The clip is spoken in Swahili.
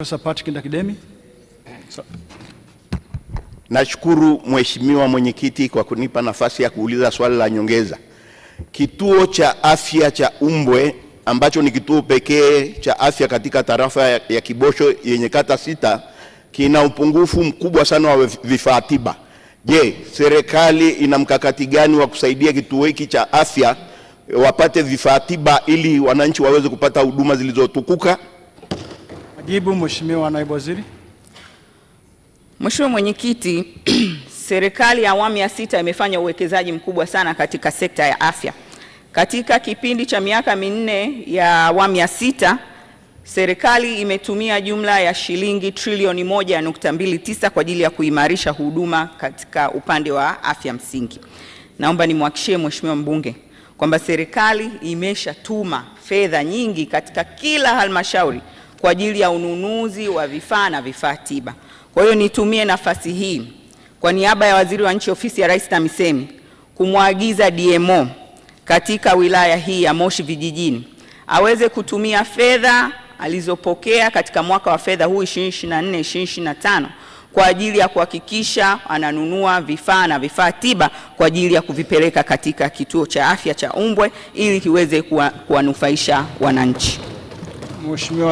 Profesa Patrick Ndakidemi. Nashukuru Mheshimiwa Mwenyekiti kwa kunipa nafasi ya kuuliza swali la nyongeza. Kituo cha afya cha Umbwe ambacho ni kituo pekee cha afya katika tarafa ya Kibosho yenye kata sita kina upungufu mkubwa sana wa vifaa tiba. Je, serikali ina mkakati gani wa kusaidia kituo hiki cha afya wapate vifaa tiba ili wananchi waweze kupata huduma zilizotukuka? Jibu Mheshimiwa Naibu Waziri. Mheshimiwa Mwenyekiti, serikali ya awamu ya sita imefanya uwekezaji mkubwa sana katika sekta ya afya. Katika kipindi cha miaka minne ya awamu ya sita serikali imetumia jumla ya shilingi trilioni moja nukta mbili tisa kwa ajili ya kuimarisha huduma katika upande wa afya msingi. Naomba nimwakishie Mheshimiwa mbunge kwamba serikali imeshatuma fedha nyingi katika kila halmashauri kwa ajili ya ununuzi wa vifaa na vifaa tiba. Kwa hiyo nitumie nafasi hii kwa niaba ya Waziri wa Nchi, Ofisi ya Rais TAMISEMI, kumwagiza DMO katika wilaya hii ya Moshi vijijini aweze kutumia fedha alizopokea katika mwaka wa fedha huu 2024 2025 kwa ajili ya kuhakikisha ananunua vifaa na vifaa tiba kwa ajili ya kuvipeleka katika kituo cha afya cha Umbwe ili kiweze kuwanufaisha wananchi. Mheshimiwa